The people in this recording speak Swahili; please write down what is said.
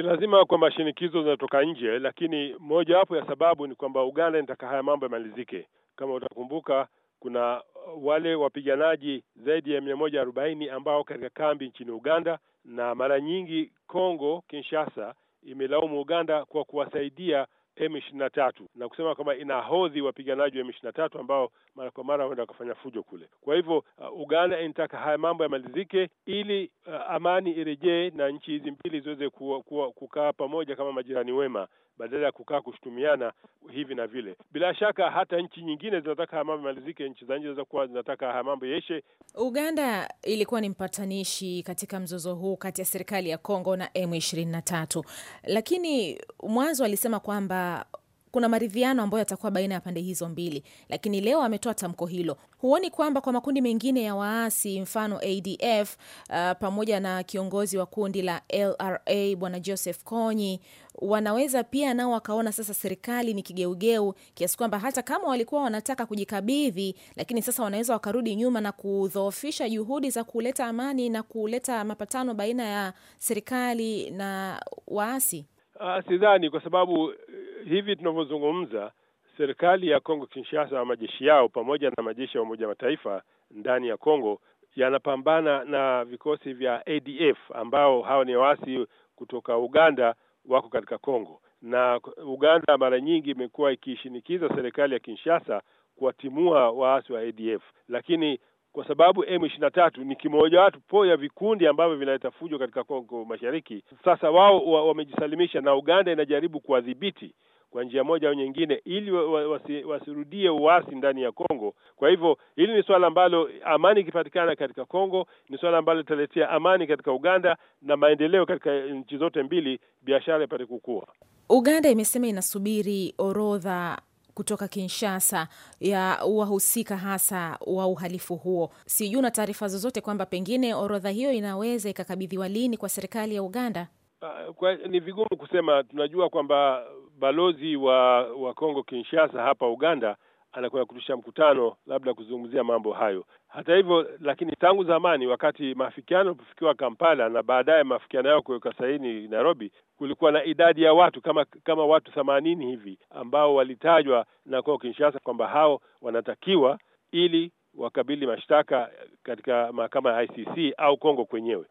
si lazima kwamba shinikizo zinatoka nje, lakini moja wapo ya sababu ni kwamba Uganda inataka haya mambo yamalizike. Kama utakumbuka, kuna uh, wale wapiganaji zaidi ya mia moja arobaini ambao katika kambi nchini Uganda, na mara nyingi Kongo Kinshasa imelaumu Uganda kwa kuwasaidia M 23 na kusema kwamba inahodhi wapiganaji wa M 23 ambao mara kwa mara huenda wakafanya fujo kule. Kwa hivyo uh, Uganda inataka haya mambo yamalizike ili uh, amani irejee na nchi hizi mbili ziweze kukaa pamoja kama majirani wema badala ya kukaa kushutumiana hivi na vile. Bila shaka hata nchi nyingine zinataka haya mambo yamalizike, nchi za nje zinaweza kuwa zinataka haya mambo yaishe. Uganda ilikuwa ni mpatanishi katika mzozo huu kati ya serikali ya Kongo na M 23 lakini mwanzo alisema kwamba kuna maridhiano ambayo yatakuwa baina ya pande hizo mbili, lakini leo ametoa tamko hilo. Huoni kwamba kwa makundi mengine ya waasi mfano ADF uh, pamoja na kiongozi wa kundi la LRA bwana Joseph conyi wanaweza pia nao wakaona sasa serikali ni kigeugeu kiasi kwamba hata kama walikuwa wanataka kujikabidhi, lakini sasa wanaweza wakarudi nyuma na kudhoofisha juhudi za kuleta amani na kuleta mapatano baina ya serikali na waasi? Uh, sidhani kwa sababu hivi tunavyozungumza, serikali ya Kongo Kinshasa na majeshi yao pamoja na majeshi ya Umoja Mataifa ndani ya Kongo yanapambana na vikosi vya ADF ambao hawa ni waasi kutoka Uganda wako katika Kongo, na Uganda mara nyingi imekuwa ikishinikiza serikali ya Kinshasa kuwatimua waasi wa ADF, lakini kwa sababu M23 ni kimojawapo ya vikundi ambavyo vinaleta fujo katika Kongo Mashariki, sasa wao wamejisalimisha wa na Uganda inajaribu kuwadhibiti kwa njia moja au nyingine, ili wasi, wasirudie uasi ndani ya Kongo. Kwa hivyo hili ni suala ambalo, amani ikipatikana katika Kongo, ni suala ambalo litaletea amani katika Uganda na maendeleo katika nchi zote mbili, biashara ipate kukua. Uganda imesema inasubiri orodha kutoka Kinshasa ya wahusika hasa wa uhalifu huo. Sijui na taarifa zozote kwamba pengine orodha hiyo inaweza ikakabidhiwa lini kwa serikali ya Uganda? Ah, kwa, ni vigumu kusema. Tunajua kwamba balozi wa wa Kongo Kinshasa hapa Uganda anakwenda kutisha mkutano labda kuzungumzia mambo hayo. Hata hivyo, lakini tangu zamani wakati maafikiano yalipofikiwa Kampala na baadaye maafikiano yao kuweka saini Nairobi, kulikuwa na idadi ya watu kama kama watu themanini hivi ambao walitajwa na Kongo Kinshasa kwamba hao wanatakiwa ili wakabili mashtaka katika mahakama ya ICC au Kongo kwenyewe.